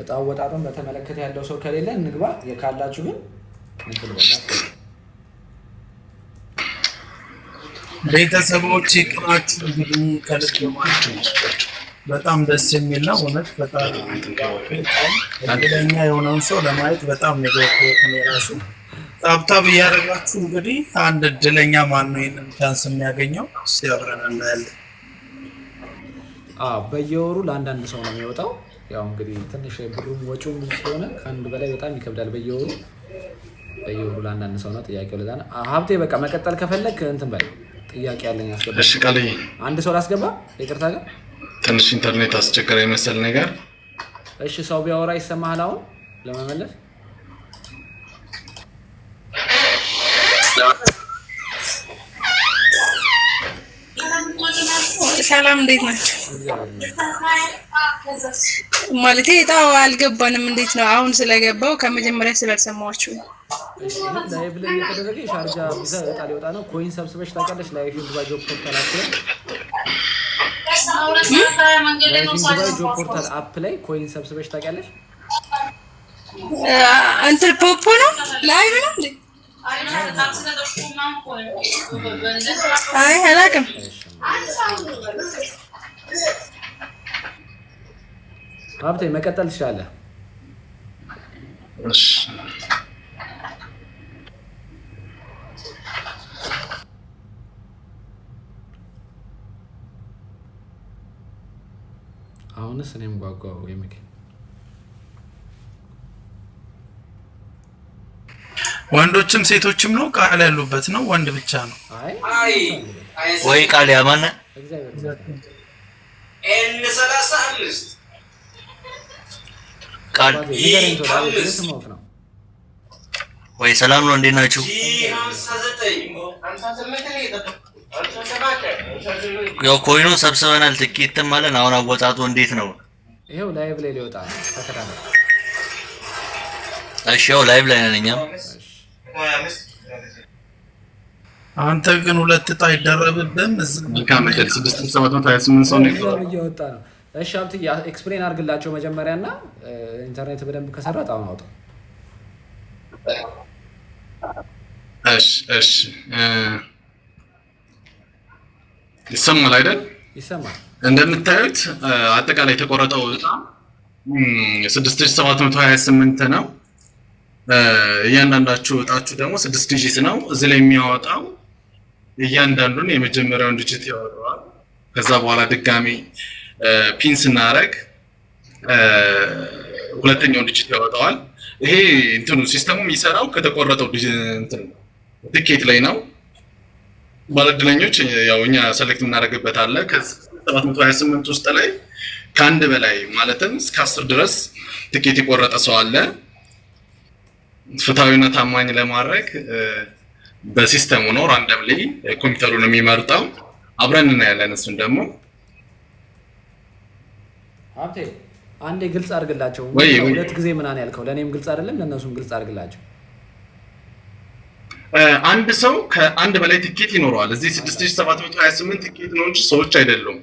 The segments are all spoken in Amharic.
እጣ አወጣጡን በተመለከተ ያለው ሰው ከሌለ እንግባ። የካላችሁ ግን ቤተሰቦች ቅናችሁ እንግዲህ ከልብ በጣም ደስ የሚል ነው። እውነት በጣም እድለኛ የሆነውን ሰው ለማየት በጣም ራሱ ጣብጣብ እያደረጋችሁ እንግዲህ አንድ እድለኛ ማን ነው ይህንን ቻንስ የሚያገኘው? እስኪ አብረን እናያለን። በየወሩ ለአንዳንድ ሰው ነው የሚወጣው ያው እንግዲህ ትንሽ ብሩም ወጪው ብዙ ስለሆነ ከአንድ በላይ በጣም ይከብዳል። በየወሩ በየወሩ ለአንዳንድ ሰው ነው ጥያቄው። ለዛ ነው ሀብቴ። በቃ መቀጠል ከፈለግ እንትን በል ጥያቄ ያለኝ አስገባ። እሺ ቃልዬ፣ አንድ ሰው ላስገባ። ይቅርታ ጋር ትንሽ ኢንተርኔት አስቸገረ የመሰል ነገር። እሺ ሰው ቢያወራ ይሰማሃል? አሁን ለመመለስ ሰላም እንዴት ናቸው? ማለቴ እጣው አልገባንም። እንዴት ነው አሁን ስለገባው ከመጀመሪያ ስላልሰማችሁ ላይቭ ላይ የተደረገ የሻርጃ ቪዛ እጣ ሊወጣ ነው። ኮይን ሰብስበሽ ታውቂያለሽ? ላይፍ ኢን ዱባይ ጆብ ፖርታል አፕ ላይ ላይፍ ኢን ዱባይ ጆብ ፖርታል አፕ ላይ ኮይን ሰብስበሽ ታውቂያለሽ? እንትን ፖፖ ነው ላይቭ ነው እንዴ? አይ አላውቅም። ሀብቴ መቀጠል ትችላለህ። አሁንስ እኔም ጓጓው የሚክ ወንዶችም ሴቶችም ነው ቃል ያሉበት ነው። ወንድ ብቻ ነው? አይ ወይ ቃል ያማነ ቃል ወይ ሰላም ነው። እንዴት ናችሁ? ያው ኮይኑን ሰብስበናል። ትኬትም አለን። አሁን አወጣጡ እንዴት ነው? ይሄው ላይቭ ላይ ሊወጣ ነው። እሺ፣ ያው ላይቭ ላይ ነን እኛም አንተ ግን ሁለት እጣ አይደረብብህም። እየወጣ ነው። እሺ ሀብት ኤክስፕሌን አድርግላቸው መጀመሪያ እና ኢንተርኔት በደንብ ከሰራ ጣሁን አውጣ። እሺ እሺ፣ ይሰማል አይደል? ይሰማል። እንደምታዩት አጠቃላይ የተቆረጠው እጣ 6728 ነው። እያንዳንዳችሁ እጣችሁ ደግሞ 6000 ነው። እዚህ ላይ የሚያወጣው እያንዳንዱን የመጀመሪያውን ድጅት ያወረዋል። ከዛ በኋላ ድጋሚ ፒን ስናደርግ ሁለተኛውን ድጅት ያወጣዋል። ይሄ እንትኑ ሲስተሙ የሚሰራው ከተቆረጠው ትኬት ላይ ነው። ባለድለኞች ያው እኛ ሰሌክት የምናደርግበት አለ። ከ728 ውስጥ ላይ ከአንድ በላይ ማለትም እስከ አስር ድረስ ትኬት የቆረጠ ሰው አለ። ፍትሐዊና ታማኝ ለማድረግ በሲስተሙ ነው ራንደምሊ ኮምፒውተሩን የሚመርጠው። አብረን እናያለን። እሱን ደግሞ ሀብቴ አንዴ ግልጽ አድርግላቸው። ሁለት ጊዜ ምናን ያልከው ለእኔም ግልጽ አይደለም፣ ለእነሱም ግልጽ አድርግላቸው። አንድ ሰው ከአንድ በላይ ትኬት ይኖረዋል። እዚህ 6728 ትኬት ነው እንጂ ሰዎች አይደሉም።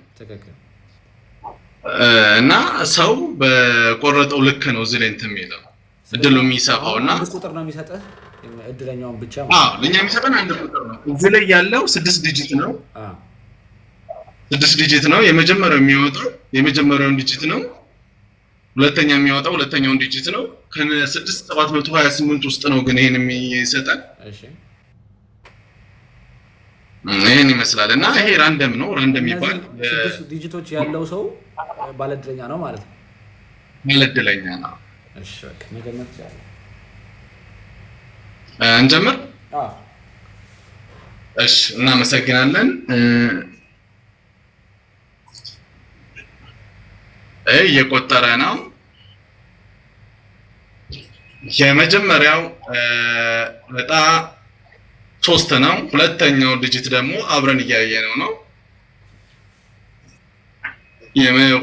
እና ሰው በቆረጠው ልክ ነው እዚህ ላይ እንትን የሚለው እድሉ የሚሰፋው እና ቁጥር ነው የሚሰጥህ እድለኛውን ብቻ ለእኛ የሚሰጠን አንድ ቁጥር ነው። እዚህ ላይ ያለው ስድስት ዲጂት ነው። ስድስት ዲጂት ነው። የመጀመሪያው የሚወጣው የመጀመሪያውን ዲጂት ነው። ሁለተኛ የሚወጣው ሁለተኛውን ዲጂት ነው። ከስድስት ሰባት መቶ ሀያ ስምንት ውስጥ ነው ግን ይህን የሚሰጠን ይህን ይመስላል እና ይሄ ራንደም ነው። ራንደም ይባል ስድስት ዲጂቶች ያለው ሰው ባለድለኛ ነው ማለት ነው። ባለድለኛ ነው። እንጀምር። እሺ፣ እናመሰግናለን። እየቆጠረ ነው። የመጀመሪያው እጣ ሶስት ነው። ሁለተኛው ዲጂት ደግሞ አብረን እያየነው ነው።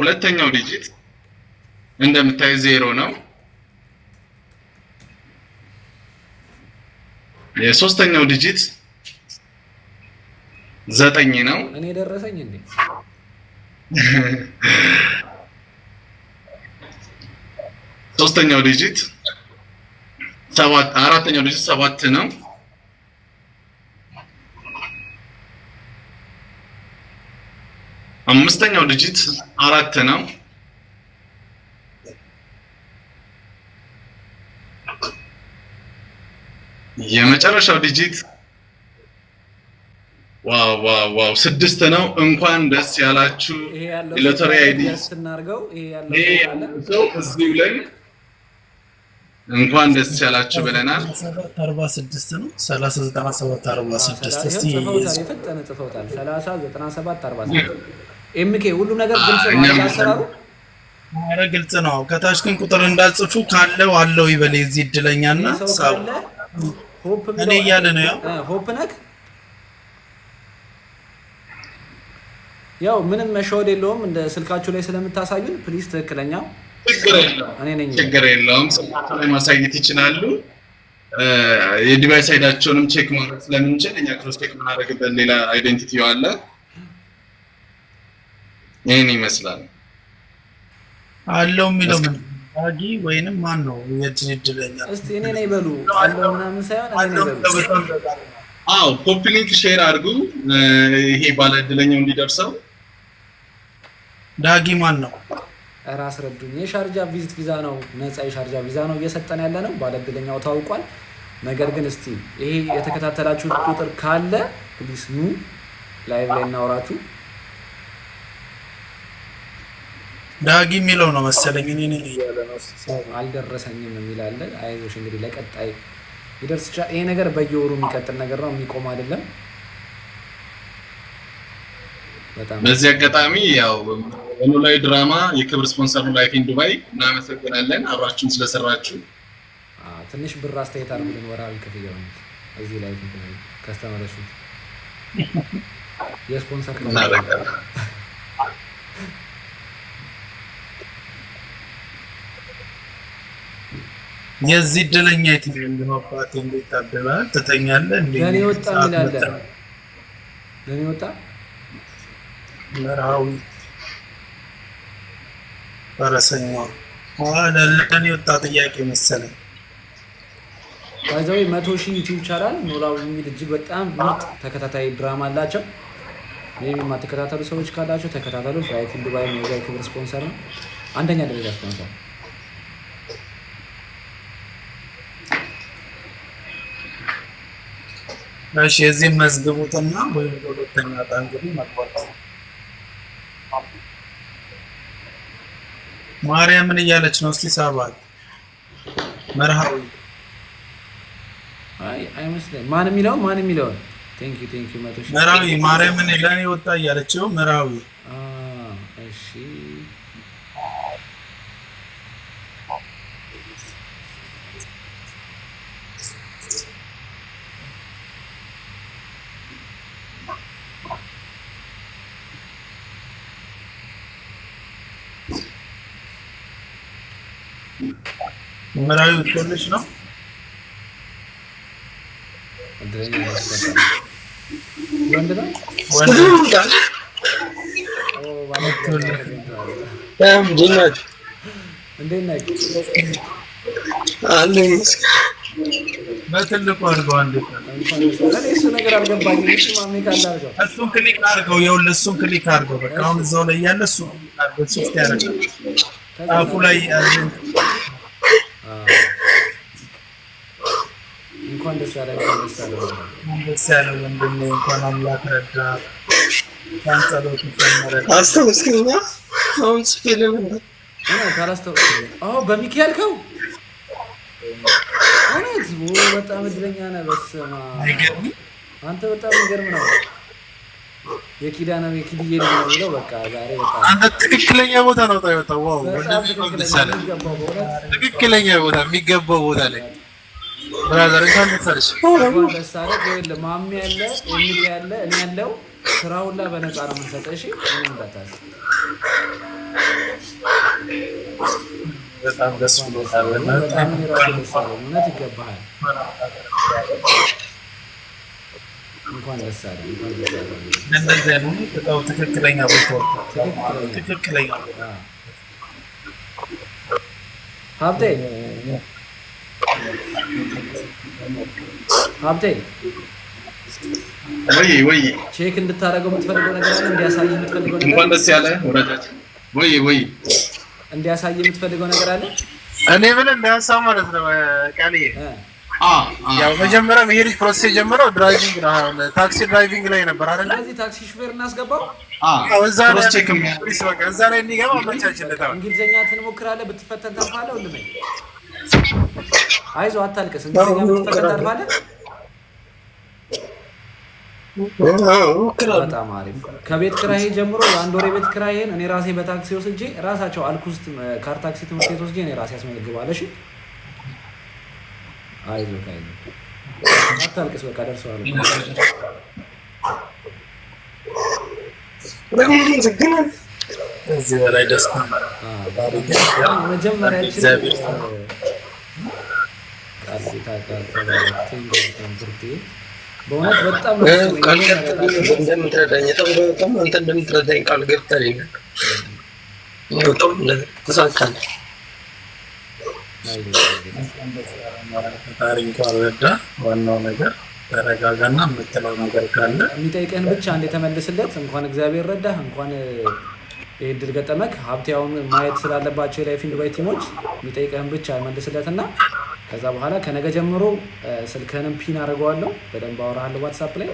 ሁለተኛው ዲጂት እንደምታይ ዜሮ ነው። የሶስተኛው ዲጂት ዘጠኝ ነው። እኔ ደረሰኝ እንዴ? ሶስተኛው ዲጂት ሰባት አራተኛው ዲጂት ሰባት ነው። አምስተኛው ዲጂት አራት ነው። የመጨረሻው ዲጂት ዋው ዋው ዋው ስድስት ነው። እንኳን ደስ ያላችሁ። ሎተሪ አይዲ ሰው እንኳን ደስ ያላችሁ ብለናል። አርባ ስድስት ነው ሰላሳ ዘጠና ሰባት አርባ ስድስት የፈጠነ ጽፈውታል። ሰላሳ ዘጠና ሰባት አርባ ስድስት ኤምኬ ሁሉም ነገር ግልጽ ነው። ግልጽ ነው። ከታች ግን ቁጥር እንዳልጽፉ ካለው አለው ይበል የዚህ እድለኛ እና ሆፕ እኔ እያለ ነው። ያው ሆፕ ነክ ያው ምንም መሸወድ የለውም። እንደ ስልካችሁ ላይ ስለምታሳዩን ፕሊስ ትክክለኛ ችግር የለውም። ስልካቸው ላይ ማሳየት ይችላሉ። የዲቫይስ አይዳቸውንም ቼክ ማድረግ ስለምንችል እኛ ክሮስ ቼክ የምናደርግበት ሌላ አይደንቲቲ አለ። ይህን ይመስላል አለው የሚለው ዳጊ ወይንም ማን ነው የእጅን እድለኛ? እስቲ እኔ ነኝ በሉ ሳይሆን እኔ አዎ ኮፒ ሊንክ ሼር አድርጉ፣ ይሄ ባለ እድለኛው እንዲደርሰው። ዳጊ ማን ነው? ኧረ አስረዱኝ። የሻርጃ ቪዚት ቪዛ ነው፣ ነፃ የሻርጃ ቪዛ ነው እየሰጠን ያለ ነው። ባለ እድለኛው ታውቋል። ነገር ግን እስቲ ይሄ የተከታተላችሁት ቁጥር ካለ ፕሊስ ኑ ላይቭ ላይ እናውራችሁ። ዳጊ የሚለው ነው መሰለኝ። እኔ ነኝ እያለ ነው አልደረሰኝም የሚላለ። አይዞሽ እንግዲህ ለቀጣይ ይደርስ ይችላል። ይሄ ነገር በየወሩ የሚቀጥል ነገር ነው፣ የሚቆም አይደለም። በዚህ አጋጣሚ ያው ኖላዊ ድራማ የክብር ስፖንሰር ነው ላይፍ ኢን ዱባይ፣ እናመሰግናለን አብራችሁን ስለሰራችሁ። ትንሽ ብር አስተያየት አድርጉልን፣ ወርሃዊ ክፍያ እዚህ ላይ ከስተመረሹት የስፖንሰር የዚህ እድለኛ የትኛው እንደማባት እንዴት ታደባል? ትተኛለህ እንዴ? ለኔ ወጣ ይላል። ለኔ ወጣ መርሃዊ ፈረሰኛ ዋለ። ለኔ ወጣ ጥያቄ መሰለኝ። ባይዛዊ መቶ ሺህ ዩቲዩብ ቻናል ኖላዊ የሚል እጅግ በጣም ምርጥ ተከታታይ ድራማ አላቸው። ይህም የማትከታተሉ ሰዎች ካላቸው ተከታተሉ። ፍላይት ዱባይ የዛ ክብር ስፖንሰር ነው፣ አንደኛ ደረጃ ስፖንሰር እሺ እዚህ መዝግቡትና ወይ ሁለተኛ ዕጣ እንግዲህ መግባት ማርያምን እያለች ነው። እስቲ ሳባል መርሃዊ አይ አይመስለኝም። ማን የሚለው ማን የሚለው? ቴንክ ዩ ቴንክ ዩ መርሃዊ ማርያምን ለኔ ወጣ እያለችው መርሃዊ መራሽ ነው በትልቁ አድርገው። እሱ ነገር አልገባኝም። እሱን ክሊክ አድርገው፣ ይኸውልህ እሱን ክሊክ አድርገው። በቃ አሁን እዛው ላይ ያለ እሱ አድርገው። ሶፍት ያደርጋል ጣፉ ላይ እንኳን ደስ ያለ ደስ ያለ ወንድሜ፣ እንኳን አምላክ እውነት በጣም እድለኛ ነህ። በስመ አብ አንተ በጣም የሚገርም ነው። የኪዳነ የኪድዬ ነው የሚለው በቃ ዛሬ አንተ ትክክለኛ ቦታ ነው የወጣው። ዋው! ትክክለኛ ቦታ የሚገባው ቦታ ላይ ብራዘር እንኳን ደስ አለሽ። ማሚ ያለ የሚል ያለ እኔ ያለው ስራ ሁላ በነፃ ነው የምንሰጠው። እሺ በጣም ደስ ብሎታል። እውነት ይገባሃል። እንኳን ደስ አለ። ትክክለኛ ትክክለኛ ሀብቴ ሀብቴ ወይ ወይ ቼክ እንድታደርገው የምትፈልገው ነገር አለ። እንዲያሳይ የምትፈልገው ነገር እንኳን ደስ ያለ ወዳጃች። ወይ ወይ እንዲያሳይ የምትፈልገው ነገር አለ። እኔ ምን እንዳያሳው ማለት ነው ቃልዬ። ያው መጀመሪያ መሄድ ፕሮሰስ የጀመረው ድራይቪንግ ነው። አሁን ታክሲ ድራይቪንግ ላይ ነበር አይደል? ስለዚህ ታክሲ ሹፌር እናስገባው። አዎ እዛ ላይ እዛ ላይ እንዲገባ አመቻችለታል። እንግሊዝኛ ትንሞክራለህ፣ ብትፈተን ታልፋለህ። ወንድሜ አይዞህ አታልቅስ። እንግሊዝኛ በጣም አሪፍ። ከቤት ኪራይ ጀምሮ የአንድ ወር የቤት ኪራይን እኔ ራሴ በታክሲ ወስጄ ራሳቸው አልኩስት ካር ታክሲ ትምህርት ቤት ወስጄ እኔ ራሴ ያስመዘግባለሁ። እሺ አይዞህ አይዞህ አታልቅስ። በቃ ደርሰዋል። በላይ ደስታ መጀመሪያ እንደምትረዳኝ ዋናው ነገር ተረጋጋና የምትለው ነገር ካለ የሚጠይቀን ብቻ እንደ የተመልስለት እንኳን እግዚአብሔር ረዳህ፣ እንኳን ይህ ድል ገጠመክ። ሀብቴ አሁን ማየት ስላለባቸው የላይፍ ኢንድ ባይ ቲሞች የሚጠይቀህን ብቻ መልስለትና ከዛ በኋላ ከነገ ጀምሮ ስልክህንም ፒን አድርገዋለሁ በደንብ አወራሃለሁ ዋትሳፕ ላይ።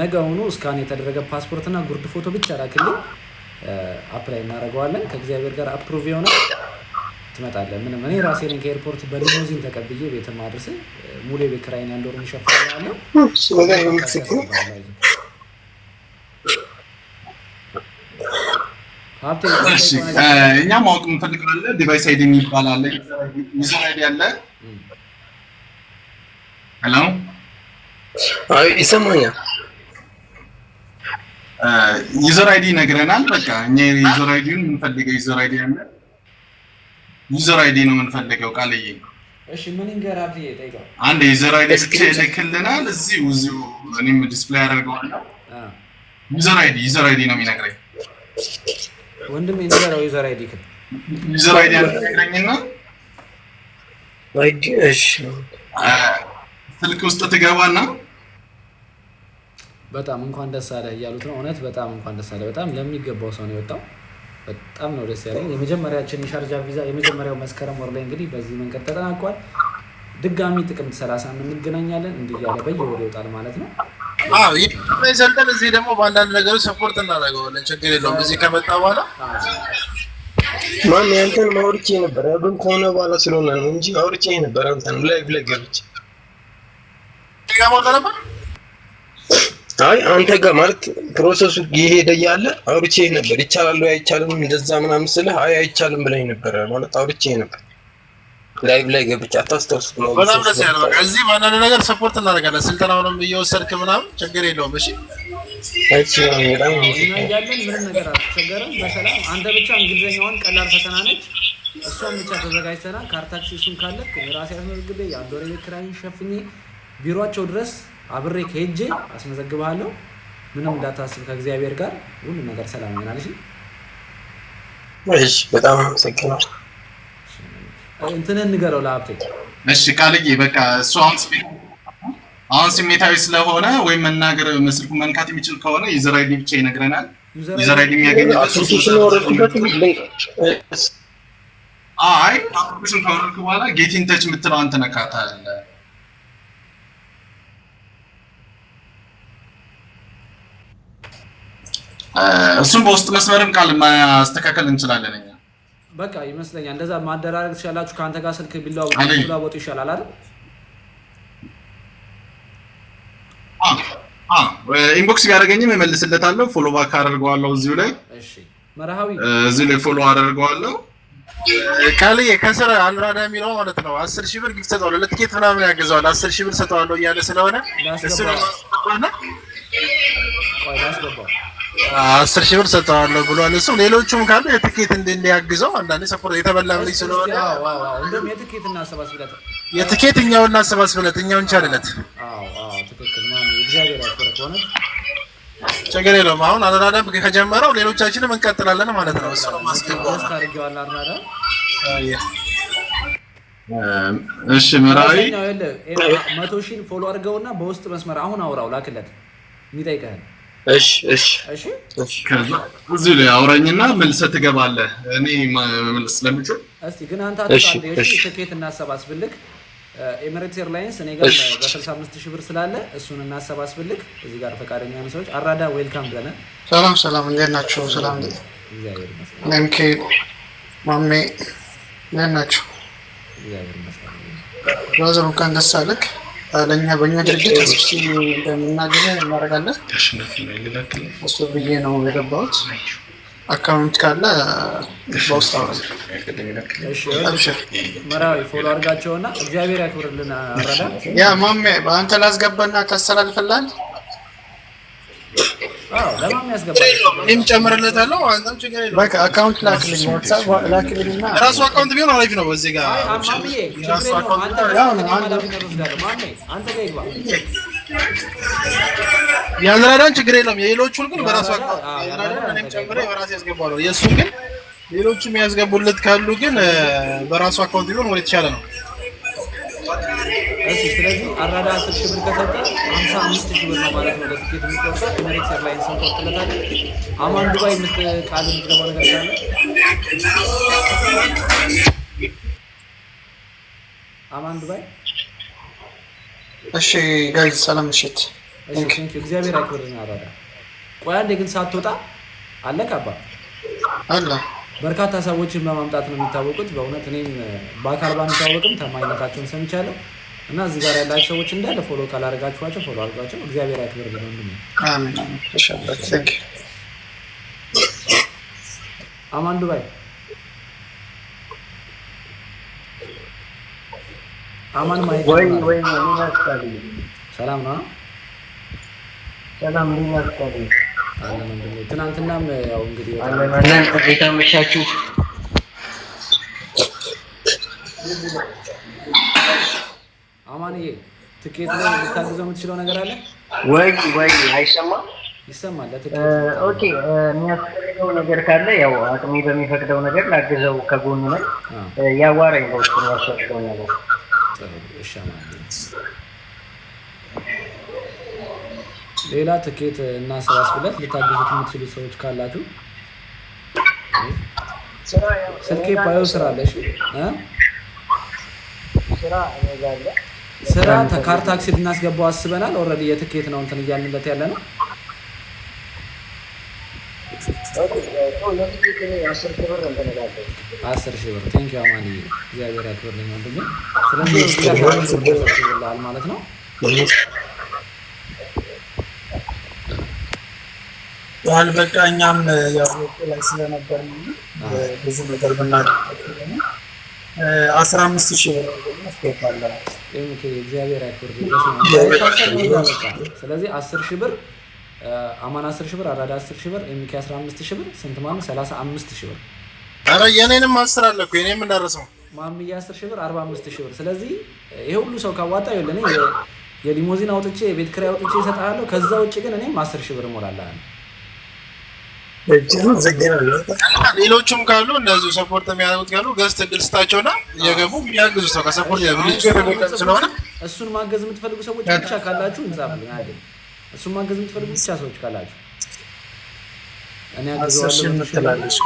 ነገ ሆኖ እስካሁን የተደረገ ፓስፖርትና ጉርድ ፎቶ ብቻ ላክልኝ፣ አፕላይ እናደርገዋለን። ከእግዚአብሔር ጋር አፕሩቭ የሆነ ትመጣለህ። ምንም እኔ ራሴ ነኝ ከኤርፖርት በሊሞዚን ተቀብዬ ቤት ማድረስ ሙሉ የቤት ኪራይን ያንድ ወር እሸፍናለሁ። እኛ ማወቅ እንፈልጋለን። ዲቫይስ አይዲ የሚባል አለ፣ ዩዘር አይዲ አለ ሄሎ አይ ይሰማኛል። ዩዘር አይዲ ነግረናል። በቃ እኛ ዩዘር አይዲውን የምንፈልገው ዩዘር አይዲ ያለ ዩዘር አይዲ ነው የምንፈልገው። ቃልዬ እሺ፣ ምን እንገራ ብዬ ጠይቀው። አንድ ዩዘር አይዲ ብቻ ይልክልናል። እዚሁ እዚሁ እኔም ዲስፕሌይ አደርገዋለሁ። ዩዘር አይዲ ዩዘር አይዲ ነው የሚነግረኝ ወንድም የነገረው ዩዘር አይዲ ዩዘር አይዲ ነግረኝና ስልክ ውስጥ ትገባና በጣም እንኳን ደስ አለ እያሉት ነው። እውነት በጣም እንኳን ደስ አለ። በጣም ለሚገባው ሰው ነው የወጣው። በጣም ነው ደስ ያለኝ። የመጀመሪያችን የሻርጃ ቪዛ የመጀመሪያው መስከረም ወር ላይ እንግዲህ በዚህ መንገድ ተጠናቋል። ድጋሚ ጥቅምት ሰላሳ እንገናኛለን። እንዲህ እያለ በየወሩ ይወጣል ማለት ነው። ይዘንጠል እዚህ ደግሞ በአንዳንድ ነገሮች ሰፖርት እናደርገዋለን። ችግር የለውም። እዚህ ከመጣ በኋላ ማን ያንተን ማውርቼ ነበር። ግን ከሆነ በኋላ ስለሆነ ነው እንጂ ማውርቼ ነበር አንተን ላይቭ ላይ ገብቼ አይ አንተ ጋር ማለት ፕሮሰሱ እየሄደ እያለ አውርቼ ነበር። ይቻላል ወይ አይቻልም፣ እንደዛ ምናምን ስልህ አይ አይቻልም ብለኝ ነበር ማለት አውርቼ ነበር። ላይቭ ላይ ገብቼ አታስታውሱት ነው። በጣም ደስ ያለ በቃ። እዚህ በአንዳንድ ነገር ሰፖርት እናደርጋለን። ስልጠናውንም እየወሰድክ ምናምን ችግር የለውም። እሺ እቺ በጣም ምንም ነገር አትቸገርም። በሰላም አንተ ብቻ እንግሊዝኛውን ቀላል ፈተና ነች። እሷን ብቻ ተዘጋጅተናል። ካርታክሲሱን ካለ ራሴ አስመዝግቤ የአንድ ወር ቤት ሸፍኜ ቢሮቸው ድረስ አብሬ ከሄጄ አስመዘግብሃለሁ። ምንም እንዳታስብ ከእግዚአብሔር ጋር ሁሉ ነገር ሰላም ይሆናል። እሺ፣ በጣም አመሰግናለሁ። እንትንን ንገረው ለሀብቴ። እሺ ቃልዬ፣ በቃ እሱ አሁን ስሜታዊ ስለሆነ ወይም መናገር መስልኩ መንካት የሚችል ከሆነ ዩዘር አይዲ ብቻ ይነግረናል። ዩዘር አይዲ የሚያገኘው አይ አፕሊኬሽን ከሆነ በኋላ ጌቲንግ ተች የምትለው አንተ ነካታለህ እሱም በውስጥ መስመርም ቃል ማስተካከል እንችላለን። በቃ ይመስለኛል እንደዛ ማደራረግ ትችላላችሁ። ከአንተ ጋር ስልክ ቢለዋወጡ ይሻላል አይደል? ኢንቦክስ ቢያደርገኝም እመልስለታለሁ። ፎሎ ባክ አደርገዋለሁ እዚሁ ላይ እዚሁ ላይ ፎሎ አደርገዋለሁ። ቃል ከስር አልራዳ የሚለው ማለት ነው። አስር ሺህ ብር ግፍ ሰጠዋለሁ። ለትኬት ምናምን ያገዘዋል። አስር ሺህ ብር ሰጠዋለሁ እያለ ስለሆነ እሱ ነው አስር ሺህ ብር ሰጠዋለሁ ብሏል። እሱም ሌሎቹም ካሉ የትኬት እንዲያግዘው አንዳንዴ ሰፖርት የተበላ ብለኝ ስለሆነ የትኬት እኛው እናሰባስብለት እኛው እንቻልለት ችግር የለውም። አሁን አደራደብ ከጀመረው ሌሎቻችንም እንቀጥላለን ማለት ነው። እሱ እሺ፣ ምራዊ መቶ ሺህ ፎሎ አድርገውና በውስጥ መስመር አሁን አውራው ላክለት የሚጠይቀህን እሺ እሺ እሺ። ከዛ እዚህ ላይ አውራኝና መልሰህ ትገባለህ። እኔ መልስ ስለምችል እስቲ ግን አንተ አትጣል። ትኬት እናሰባስብልክ። ኤሚሬትስ ኤርላይንስ እኔ ጋር በ65000 ብር ስላለ እሱን እናሰባስብልክ። እዚህ ጋር ፈቃደኛ ነው ሰዎች። አራዳ ዌልካም ብለናል። ሰላም ሰላም፣ እንዴት ናችሁ? ሰላም ነምኪ ማሜ እንዴት ናችሁ? ብራዘር እንኳን ደስ አለህ። ለእኛ በእኛ ድርጅት እሱ እንደምናገኘ እናደርጋለን። እሱ ብዬ ነው የገባሁት። አካውንት ካለ በውስጥ መራዊ አድርጋቸውና እግዚአብሔር ያክብርልን። አራዳ ያ ማሜ በአንተ ላስገባና ታስተላልፍላል እኔም ጨምርለታለሁ። አንተም ችግር የለውም። አካውንት ላክልኝ፣ ዋትሳፕ ላክልኝ እና አካውንት ቢሆን አሪፍ ነው። በዚህ ጋር ችግር የለም። የሌሎቹን ግን በራሱ አካውንት ግን ያስገቡለት ካሉ ግን በራሱ አካውንት ቢሆን ወደ ተሻለ ነው። እሺ ስለዚህ አራዳ አስር ሺህ ብር ከሰጠ ሀምሳ አምስት ሺህ ብር ነው ማለት ነው ለትኬት የሚቆርጠ ኤሚሬትስ አማን ዱባይ ቃል ነገር ካለ አማን ዱባይ። እሺ ጋይዝ ሰላም ምሽት። እግዚአብሔር አራዳ። ቆይ አንዴ ግን ሳትወጣ አለክ አባ አለ በርካታ ሰዎችን በማምጣት ነው የሚታወቁት። በእውነት እኔም በአካል ባንታወቅም ተማኝነታቸውን ሰምቻለሁ። እና እዚህ ጋር ያላችሁ ሰዎች እንዳለ ፎሎ ካላደርጋችኋቸው ፎሎ አድርጓቸው። እግዚአብሔር ያክብር ብለው አማን ዱባይ አማን ማየት ሰላም ነው። ሰላም ትናንትናም ያው እንግዲህ ቤታ መሻችሁ አማንዬ ትኬት ላይ ልታግዘው የምትችለው ነገር አለ ወይ? ወይ አይሰማም? ይሰማል። ኦኬ፣ የሚያስፈልገው ነገር ካለ ያው አቅሜ በሚፈቅደው ነገር ላግዘው ከጎኑ ነው ያዋራኝ በውስጥ የሚያስፈልገው ነገር ሌላ ትኬት እና ስራ ስብለት ልታግዙት የምትችሉ ሰዎች ካላችሁ ስልኬ ባዮ ስራ አለሽ ስራ ስራ ተካር ታክሲ ልናስገባው አስበናል። ኦልሬዲ የትኬት ነው እንትን እያልንበት ያለ ነው። አስር ሺህ ብር ቴንክ ዩ አማኒ እግዚአብሔር ያክብርልኝ ወንድሜ። ስለዚህ ማለት ነው። ያህል በቃ እኛም ያው ላይ ስለነበር ብዙ ነገር ብና አስራ አምስት ሺህ ብር አስገባለን ጤንክ እግዚአብሔር አይፈርድ። ስለዚህ አስር ሺህ ብር አማን አስር ሺህ ብር አራዳ አስር ሺህ ብር አስራ አምስት ሺህ ብር ስንት ሰላሳ አምስት ሺህ ብር። ኧረ የኔንም አስር አለ እኮ አስር ሺህ ብር አርባ አምስት ሺህ ብር። ስለዚህ ይሄ ሁሉ ሰው ካዋጣ የሊሞዚን አውጥቼ የቤት አውጥቼ እሰጥሃለሁ። ከዛ ውጭ ግን እኔም አስር ሺህ ብር እሞላለሁ። ሌሎችም ካሉ እንደዚሁ ሰፖርት የሚያደርጉት ካሉ ገዝት እድል ስታቸውና የገቡ የሚያግዙ ሰው ከሰፖርት ስለሆነ እሱን ማገዝ የምትፈልጉ ሰዎች ብቻ ካላችሁ እሱን ማገዝ የምትፈልጉ ብቻ ሰዎች ካላችሁ እኔ አገዘዋለሁ።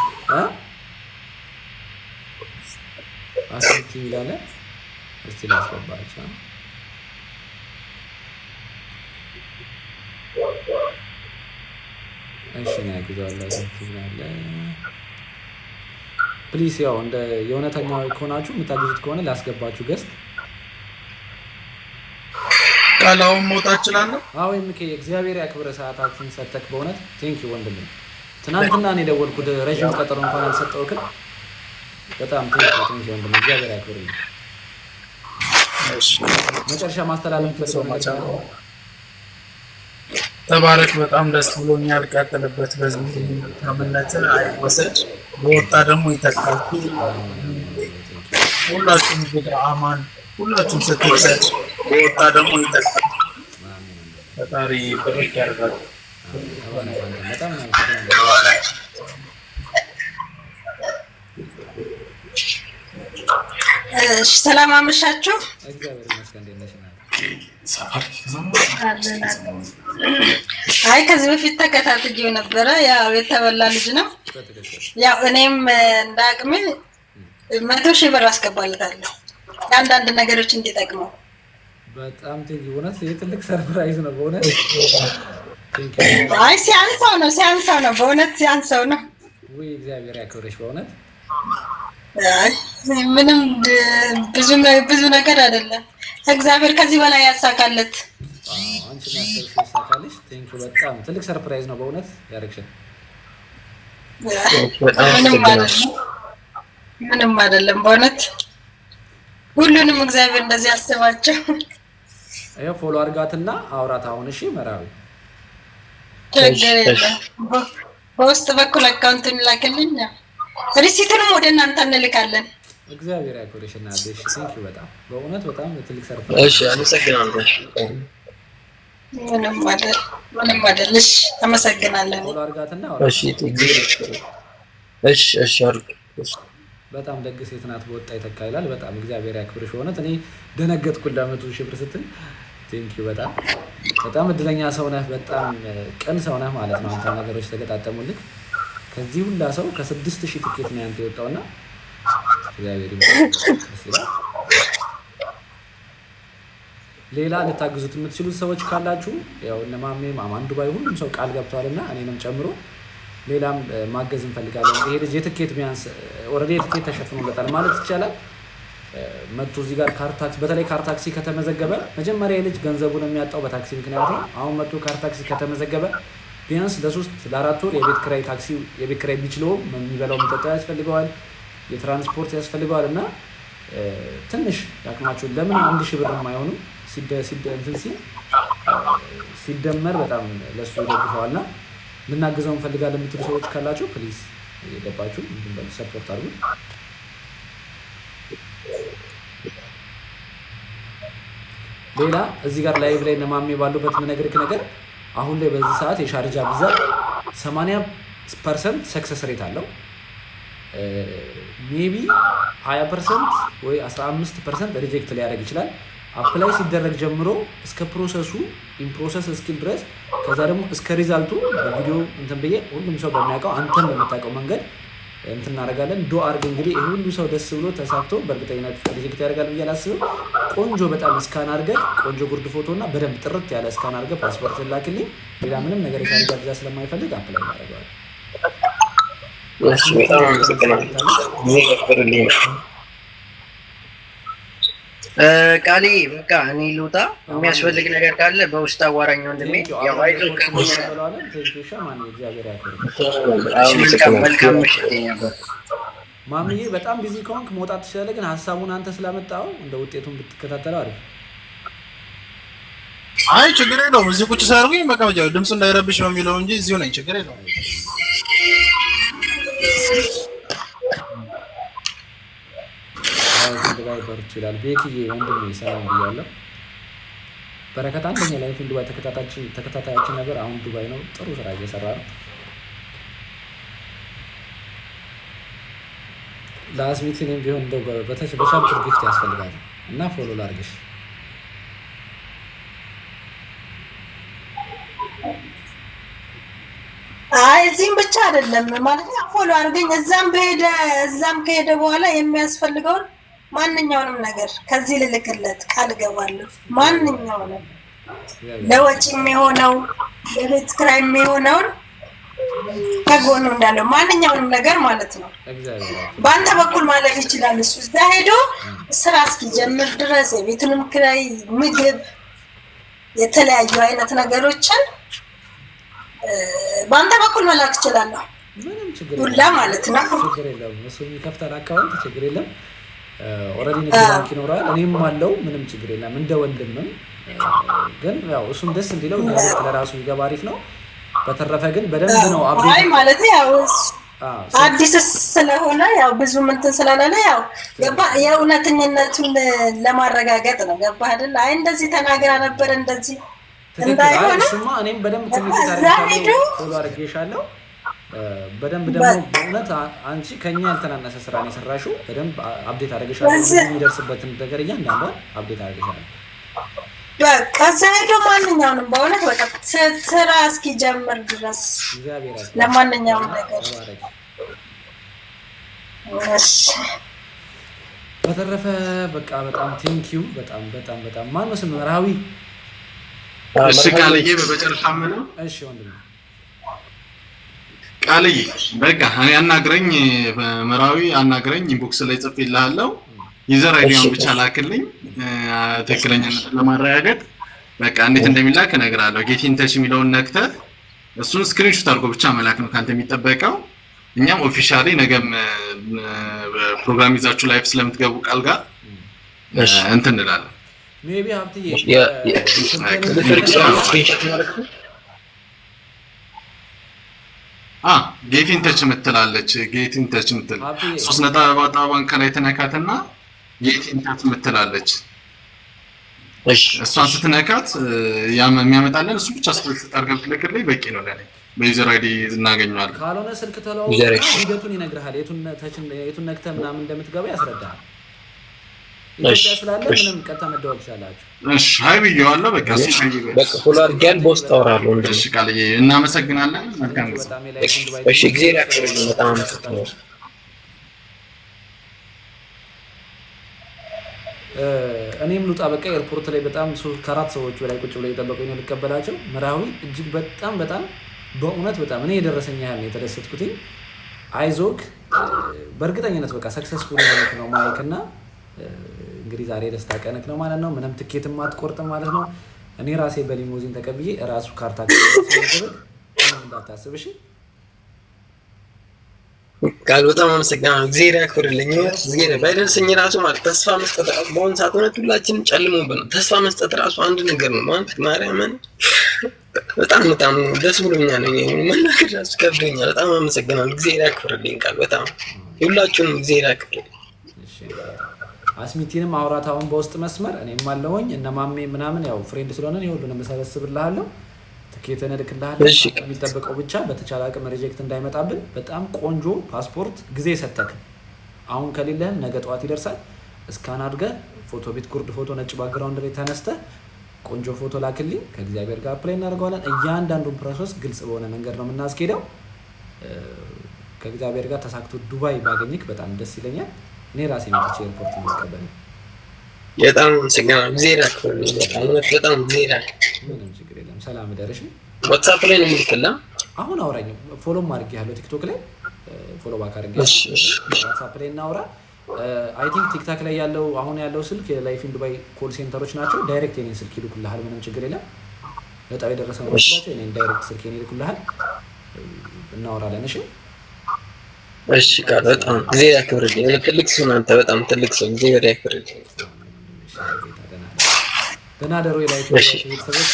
እሺ ነው ያግዛለ ፕሊስ ያው እንደ የእውነተኛ ከሆናችሁ የምታግዙት ከሆነ ላስገባችሁ ገስት መውጣት እችላለሁ። አዎ እግዚአብሔር ያክብረ በእውነት ቴንክ ዩ ትናንትና ነው የደወልኩት ረዥም ቀጠሮ እንኳን አልሰጠውክም። በጣም ቴንክ ዩ እግዚአብሔር ያክብር። መጨረሻ ማስተላለፍ ተባረክ። በጣም ደስ ብሎኛል። ቀጥልበት። በዚህ ታምነትን አይወሰድ በወጣ ደግሞ ይተካል። ሁላችሁም ጉዳ አማን ሁላችሁም ስትሰድ በወጣ ደግሞ ይተካል። ፈጣሪ ብርክ ያርጋል። ሰላም አመሻችሁ። አይ ከዚህ በፊት ተከታትዬው ነበረ። ያው የተበላ ልጅ ነው። ያው እኔም እንደ አቅሜ መቶ ሺህ ብር አስገባለታለሁ አንዳንድ ነገሮች እንዲጠቅመው። በጣም ቴንኪ። እውነት ይህ ትልቅ ሰርፕራይዝ ነው በእውነት። አይ ሲያንሳው ነው ሲያንሳው ነው በእውነት ሲያንሳው ነው። ውይ እግዚአብሔር ያክብርሽ በእውነት ምንም ብዙ ነገር አይደለም። እግዚአብሔር ከዚህ በላይ ያሳካለት። አንቺ በጣም ትልቅ ሰርፕራይዝ ነው በእውነት ያደረግሽን። ምንም አይደለም በእውነት ሁሉንም እግዚአብሔር እንደዚህ ያስባቸው። ይኸው ፎሎ አድርጋትና አውራት አሁን። እሺ መራዊ በውስጥ በኩል አካውንቱን ላክልኝ፣ ሪሲቱንም ወደ እናንተ እንልካለን። እግዚአብሔር ያክብርሽና አለሽ ቴንክ ዩ በጣም በእውነት በጣም ትልቅ ሰርፕራይዝ። እሺ አመሰግናለሁ። በጣም ደግ ሴት ናት፣ በወጣ ይተካ ይላል። በጣም እግዚአብሔር ያክብርሽ። በእውነት እኔ ደነገጥኩ ለመቶ ሺህ ብር ስትል። ቴንክ ዩ በጣም በጣም እድለኛ ሰው ነህ። በጣም ቅን ሰው ነህ ማለት ነው። አንተ ነገሮች ተገጣጠሙልህ። ከዚህ ሁላ ሰው ከስድስት ሺህ ትኬት ነው ያንተ የወጣውና እግዚአብሔር ሌላ ልታግዙት የምትችሉ ሰዎች ካላችሁ ያው እነ ማሜም ዱባይ ሁሉም ሰው ቃል ገብተዋል እና እኔንም ጨምሮ ሌላም ማገዝ እንፈልጋለን። ይሄ ልጅ የትኬት ቢያንስ ኦልሬዲ የትኬት ተሸፍኖለታል ማለት ይቻላል። መቶ እዚህ ጋር ካርታክሲ በተለይ ካርታክሲ ከተመዘገበ መጀመሪያ የልጅ ገንዘቡን የሚያጣው በታክሲ ምክንያት ነው። አሁን መቶ ካርታክሲ ከተመዘገበ ቢያንስ ለሶስት ለአራት ወር የቤት ክራይ ታክሲ የቤት ቢችለውም የሚበላው መጠጣ ያስፈልገዋል። የትራንስፖርት ያስፈልገዋል እና ትንሽ ያቅማቸውን ለምን አንድ ሺህ ብር የማይሆኑ እንትን ሲል ሲደመር በጣም ለሱ ይደግፈዋል እና ልናግዘው እንፈልጋለን የምትሉ ሰዎች ካላቸው ፕሊዝ የገባችሁ እንዲበሉ ሰፖርት አድርጉት። ሌላ እዚህ ጋር ላይቭ ላይ ነማሜ ባሉበት ምነግርክ ነገር አሁን ላይ በዚህ ሰዓት የሻርጃ ቪዛ 80 ፐርሰንት ሰክሰስ ሬት አለው። ሜቢ 20 ፐርሰንት ወይ 15 ፐርሰንት ሪጀክት ሊያደርግ ይችላል። አፕላይ ሲደረግ ጀምሮ እስከ ፕሮሰሱ ኢንፕሮሰስ እስኪል ድረስ ከዛ ደግሞ እስከ ሪዛልቱ በቪዲዮ እንትን ብዬ ሁሉም ሰው በሚያውቀው አንተን በምታውቀው መንገድ እንትን እናደርጋለን። ዶ አርግ እንግዲህ ይህ ሁሉ ሰው ደስ ብሎ ተሳክቶ በእርግጠኝነት ሪጀክት ያደርጋል ብዬ አላስብም። ቆንጆ በጣም እስካን አድርገህ ቆንጆ ጉርድ ፎቶ እና በደንብ ጥርት ያለ እስካን አድርገህ ፓስፖርት ላክልኝ። ሌላ ምንም ነገር የካሪጋ ብዛ ስለማይፈልግ አፕላይ እናደርገዋለን። በጣም አመሰግናለሁ። ጊዜ ነበርልኝ። ቃሌ በቃ እኔ ልውጣ። የሚያስፈልግ ነገር ካለ በውስጥ አዋራኝ ወንድሜ። መልካም ማምዬ በጣም ቢዚ ከሆንክ መውጣት ትችላለህ፣ ግን ሀሳቡን አንተ ስላመጣው እንደ ውጤቱን ብትከታተለው አሪፍ። አይ ችግር የለውም። እዚህ ቁጭ ሳርጉኝ በቃ ድምፁ እንዳይረብሽ በሚለው እንጂ እዚሁ ነኝ። ችግር የለውም። ዱባይ በርቱ ይላል ቤትዬ ወንድሜ ሰላም ብያለሁ። በረከት አንደኛ ላይ ዱባይ ተከታታያችን ነበር። አሁን ዱባይ ነው። ጥሩ ስራ እየሰራ ነው። ለአስሚት እኔም ቢሆን እንደው በተቻለ ጊፍት ያስፈልጋል እና ፎሎ ላድርግሽ አይ እዚህም ብቻ አይደለም ማለት ነው። ፎሎ አድርገኝ። እዛም በሄደ እዛም ከሄደ በኋላ የሚያስፈልገውን ማንኛውንም ነገር ከዚህ ልልክለት ቃል እገባለሁ። ማንኛውንም ለወጪ የሚሆነው የቤት ክራይ የሚሆነውን ከጎኑ እንዳለው ማንኛውንም ነገር ማለት ነው። በአንተ በኩል ማለፍ ይችላል። እሱ እዛ ሄዶ ስራ እስኪጀምር ድረስ የቤቱንም ክራይ፣ ምግብ፣ የተለያዩ አይነት ነገሮችን በአንተ በኩል መላክ እችላለሁ። ምንም ችግር ማለት ነው። ችግር አካውንት ችግር የለም። ኦልሬዲ ንግድ ባንክ ይኖረዋል። እኔም አለው። ምንም ችግር የለም። እንደ ወንድምም ግን ያው እሱም ደስ እንዲለው ለራሱ ይገባ። አሪፍ ነው። በተረፈ ግን በደንብ ነው አይ ማለት ያው አዲስ ስለሆነ ያው ብዙ ምንትን ስላላለ ያው የእውነተኝነቱን ለማረጋገጥ ነው። ገባህ አይደል? አይ እንደዚህ ተናግራ ነበር እንደዚህ ትክክልማ እኔም በደንብ ትንሽ አድርጌሻለሁ። በደንብ ደግሞ በእውነት አንቺ ከኛ ያልተናነሰ ስራ ነው የሰራሽው። በደንብ አብዴት የሚደርስበትን ነገር እያንዳንዷን አብዴት ማንኛውንም በእውነት በቃ ስራ እስኪጀምር ድረስ ለማንኛውም ነገር በተረፈ በቃ በጣም ቴንኪው። በጣም በጣም በጣም ማነው ስም መርሃዊ እሺ ቃልዬ፣ በመጨረሻ ምን እሺ ወንድም ቃልዬ፣ በቃ እኔ አናግረኝ፣ በመራዊ አናግረኝ፣ ኢንቦክስ ላይ ጽፌልሃለሁ። ዩዘር አይዲውን ብቻ ላክልኝ ትክክለኛነትን ለማረጋገጥ። በቃ እንዴት እንደሚላክ እነግርሃለሁ። ጌት ኢን ተች የሚለውን ነክተህ እሱን ስክሪንሾት አድርጎ ብቻ መላክ ነው ካንተ የሚጠበቀው። እኛም ኦፊሻሊ ነገም ፕሮግራም ይዛችሁ ላይፍ ስለምትገቡ ቃል ጋር እንትን እንላለን። ሜቢ ሀብትዬ ጌቲን ተች ምትላለች። ጌቲን ተች ምትል ሶስት ነጥብ አባጣ ባንክ ላይ ትነካትና ጌቲን ተች ምትላለች። እሷን ስትነካት የሚያመጣለን እሱ ብቻ ስጠርገን ትልክልኝ በቂ ነው ለኔ። በዩዘር አይዲ እናገኘዋለን። ካልሆነ ስልክ ተለዋውጦ ሂደቱን ይነግርሃል። የቱን ነክተህ ምናምን እንደምትገባ ያስረዳሃል። ስላለ ምንም ቀጥታ እኔም ልውጣ በቃ ኤርፖርት ላይ በጣም ከአራት ሰዎች በላይ ቁጭ ብለው የጠበቁኝ ነው ልቀበላቸው። ምራዊ እጅግ በጣም በጣም በእውነት በጣም እኔ የደረሰኝ ያህል ነው አይዞክ በእርግጠኝነት በቃ ሰክሰስፉል ነው ማይክ እና እንግዲህ ዛሬ ደስታ ቀንክ ነው ማለት ነው። ምንም ትኬትም አትቆርጥም ማለት ነው። እኔ ራሴ በሊሞዚን ተቀብዬ እራሱ ካርታ እንዳታስብሽ። ቃል በጣም አመሰግናለሁ። እግዚአብሔር ያክብርልኝ። እግዚአብሔር ባይደርስኝ ራሱ ማለት ተስፋ መስጠት በአሁኑ ሰዓት እውነት ሁላችንም ጨልሞብን ነው። ተስፋ መስጠት ራሱ አንድ ነገር ነው ማለት ማርያምን በጣም በጣም ደስ ብሎኛል። መናገር ራሱ ከብዶኛል። በጣም አመሰግናለሁ። እግዚአብሔር ያክብርልኝ። ቃል በጣም ሁላችሁንም እግዚአብሔር ያክብርልኝ። አስሚቲን አውራት አሁን በውስጥ መስመር እኔም አለሁኝ እነ ማሜ ምናምን ያው ፍሬንድ ስለሆነ ሁሉንም እሰበስብልሃለሁ። ትኬትን እልክልሃለሁ። የሚጠበቀው ብቻ በተቻለ አቅም ሪጀክት እንዳይመጣብን በጣም ቆንጆ ፓስፖርት ጊዜ ሰጠክ። አሁን ከሌለህም ነገ ጠዋት ይደርሳል። እስካን አድርገህ ፎቶ ቤት ኩርድ ፎቶ ነጭ ባግራውንድ ላይ ተነስተ ቆንጆ ፎቶ ላክልኝ። ከእግዚአብሔር ጋር ፕላይ እናደርገዋለን። እያንዳንዱን ፕሮሰስ ግልጽ በሆነ መንገድ ነው የምናስኬደው። ከእግዚአብሔር ጋር ተሳክቶ ዱባይ ባገኘክ በጣም ደስ ይለኛል። እኔ ራሴ መጥቼ ኤርፖርት የሚቀበል በጣም አመሰግናለሁ። ጊዜ ሄዳ በጣም ጊዜ ሄዳ ምንም ችግር የለም። ሰላም ደርሽ ዋትሳፕ ላይ ነው የምልክላ። አሁን አውራኝ ፎሎም አድርጌ ያለው ቲክቶክ ላይ ፎሎ ባክ አድርጌ ዋትሳፕ ላይ እናውራ። አይ ቲንክ ቲክታክ ላይ ያለው አሁን ያለው ስልክ የላይፍ ዱባይ ኮል ሴንተሮች ናቸው። ዳይሬክት የኔን ስልክ ይልኩልሃል። ምንም ችግር የለም። በጣም የደረሰ ነው ስላቸው ዳይሬክት ስልክ የኔ ይልኩልሃል። እናወራለን። እሺ እሺ ቃል በጣም ጊዜ ያክብርልኝ። ትልቅ ሰው አንተ በጣም ትልቅ ሰው ጊዜ ያክብርልኝ። ደህና ደሩ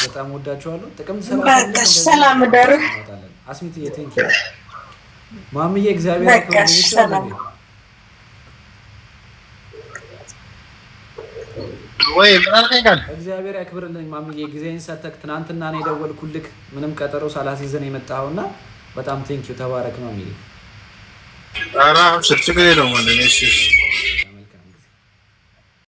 በጣም ወዳችኋለሁ። ጥቅምት ሰላም ደሩ አስሚት የቴንኪ ማምዬ እግዚአብሔር ወይ እግዚአብሔር ያክብርልኝ። ማምዬ ጊዜን ሰተክ ትናንትና ነው የደወልኩልክ ምንም ቀጠሮ ሳላስይዘን የመጣኸውና በጣም ቴንኪው ተባረክ ነው आराम से चुके रहूँगा दिनेश